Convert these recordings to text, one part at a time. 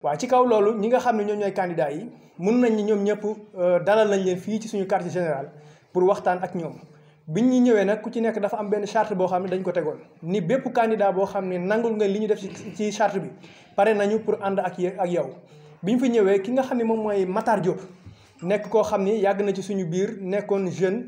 waaw ci kaw loolu ñi nga xam ne ñoom ñooy candidats yi mun nañ ni ñoom ñëpp euh, dalal nañ leen fii ci suñu quartier général pour waxtaan ak ñoom biñ ñu ñëwee nag ku ci nekk dafa am benn charte boo xam ne dañ ko tegoon ni bépp candidat boo xam ne nangul nga li ñu def ci ci charte bi pare nañu pour ànd ak ak yow bi ñu fi ñëwee ki nga xam ne moom mooy Matar Diop. nekk koo xam ni yàgg na ci suñu biir nekkoon jeune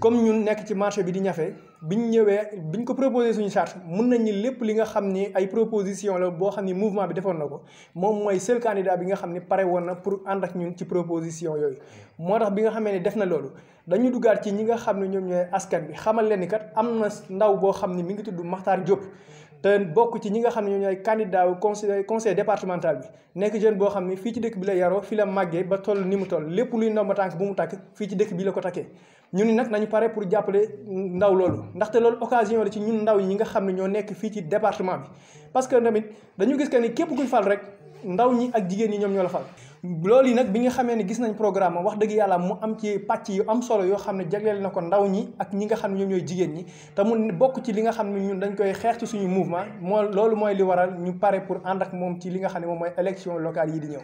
comme ñun nekk ci marché bi di ñafee ñafe ñu ñëwee ñu ko proposé suñu charte mun nañ ni lépp li nga xam ni ay proposition la boo xam ni mouvement bi defoon na ko moom mooy seul candidat bi nga xam ni pare woon na pour ànd ak ñun ci proposition yooyu. moo tax bi nga xamee ni def na loolu dañu duggaat ci ñi nga xam ne ñoom ñooy askan bi xamal leen ni kat am na ndaw boo xam ni mi ngi tudd Makhtar Diop. te bokk ci ñi nga xam ne ñooy candidat wu conseil conseil départemental bi nekk jeune boo xam ne fii ci dëkk bi la yaroo fi la màggee ba toll ni mu toll lépp luy ndomba tànk bu mu takk fii ci dëkk bi la ko takkee ñu ni nag nañu pare pour jàppale ndaw loolu ndaxte loolu occasion la ci ñun ndaw yi nga xam ne ñoo nekk fii ci département bi parce que tamit dañu gis que ni képp kuy fal rek ndaw ñi ak jigéen ñi ñoom ñoo la loolu nag bi nga xamee ne gis nañ programme am wax dëgg yàlla mu am ci pàcc yu am solo yoo xam ne jagleel na ko ndaw ñi ak ñi nga xam ne ñoom ñooy jigéen ñi te mu bokk ci li nga xam ne ñun dañ koy xeex ci suñu mouvement moo loolu mooy li waral ñu pare pour ànd ak moom ci li nga xam ne moom mooy élection locale yi di ñëw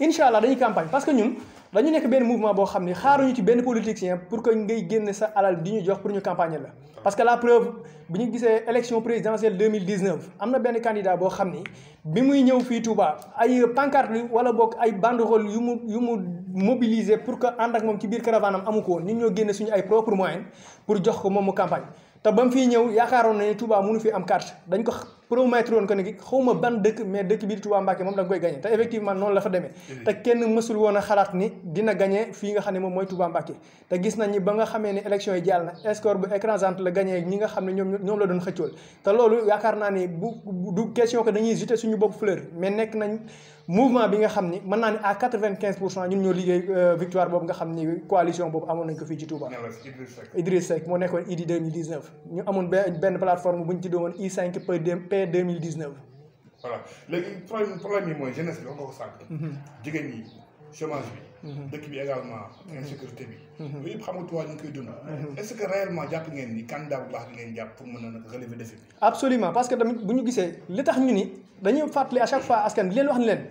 incha allah dañuy campagne parce que ñun dañu nekk benn mouvement boo xam ne xaaruñu ci benn politicien que ngay génn sa alal di ñu jox pour ñu campagne la parce que la preuve bi ñu gisee élection présidentielle 2019 am na benn candidat boo xam ni bi muy fii Touba ay pancarte wala boog ay banderole yu mu yu mu mobiliser pour que ànd ak moom ci biir caravane am amu ko woon ñun ñoo génne suñu ay propre moyen pour jox ko moom mu campagne te ba mu fiy ñëw yaakaaroon na ne Touba mënu fi am carte dañ ko promettre woon ko ne xaw ma ban dëkk mais dëkk bii di Touba moom da koy gagné te effectivement noonu la fa demee te kenn mësul woon a xalaat ni dina gagné fii nga xam ne moom mooy Touba Mbacké te gis nañ ni ba nga xamee ne élection yi jàll na score bu écrasante la gagné ñi nga xam ne ñoom ñoom la doon xëccool te loolu yaakaar naa ni bu du question que dañuy jeter suñu bopp fleur mais nekk nañ mouvement bi nga xam ni mën naa ni à quatre-vingt-quinze pour cent ñun ñoo liggéey euh, victoire boobu nga xam ni coalition boobu amoon nañ ko fii ci Touba. Idriss Seck moo nekkoon IDI 2019 ñu amoon benn plateforme bu ñu tuddee woon I5 P 2019. voilà léegi problème problème yi mooy jeunesse bi ko sànq. Mhm. chômage bi. Mhm. Mhm. dëkk bi également. insécurité bi. Mhm. yooyu yëpp xam ñu koy dund. est-ce que réellement jàpp ngeen ni candidat bu baax di ngeen jàpp pour mën a relever défi bi. absolument parce que tamit bu ñu gisee li tax ñu ni dañuy fàttali à chaque fois askan leen wax ni leen.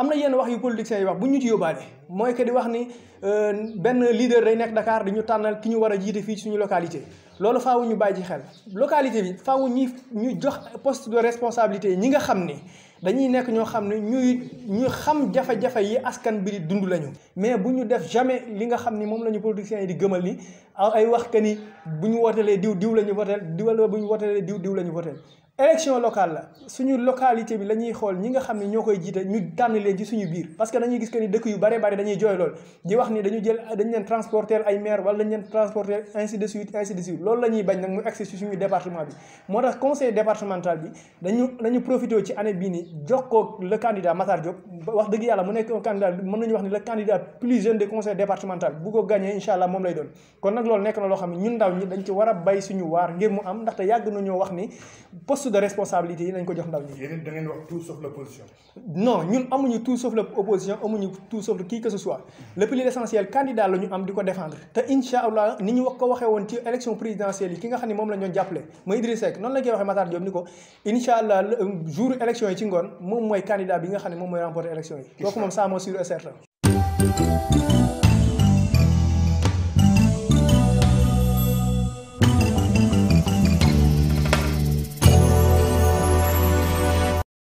am na yenn wax yu politiciens yi wax bu ñu ci yóbbaale mooy que di wax ni euh, benn leader day nekk Dakar di tànnal ki ñu war a jiite fii ci suñu localité loolu faawu ñu bàyyi ci xel localité bi faawu ñi ñu jox post de responsabilité ñi nga xam ni dañuy nekk ñoo xam ne ñuy ñu xam jafe-jafe yi askan bi di dund lañu. mais bu ñu def jamais li nga xam ni moom la ñu politiciens yi di gëmal ni ay wax que ni bu ñu wotelee diw diw la ñu woteel diw bu ñu wotelee diw diw la ñu woteel élection locale la suñu localité bi la ñuy xool ñi nga xam ne ñoo koy jiite ñu tànn leen ci suñu biir parce que dañuy gis que ni dëkk yu bare bare dañuy jooy lool di wax ni dañu jël dañu leen transporter ay maire wala dañu leen transporter ainsi de suite ainsi de suite loolu la ñuy bañ nag mu agsi suñu département bi dañu dañu profité ci année bii ni jox ko le candidat Matar Diop wax dëgg yàlla mu nekk un plus jeune de conseil départemental de responsabilité yi nañ ko jox ndaw ñi. yéen da ngeen wax tout sauf l'opposition. non ñun amuñu tout sauf l'opposition amuñu tout sauf qui que ce soit le plus essentiel candidat la ñu am di ko défendre. te incha ni ñu wax ko waxee woon ci élection présidentielle ki nga xam ne moom la ñu doon jàppale mooy Idrissa Seck noonu la ñu koy waxee Matar Diop ni ko incha euh, jour élection yi ci ngoon moom mooy candidat bi nga xam ne moom mooy remporter élection yi. kooku moom ça c'est sûr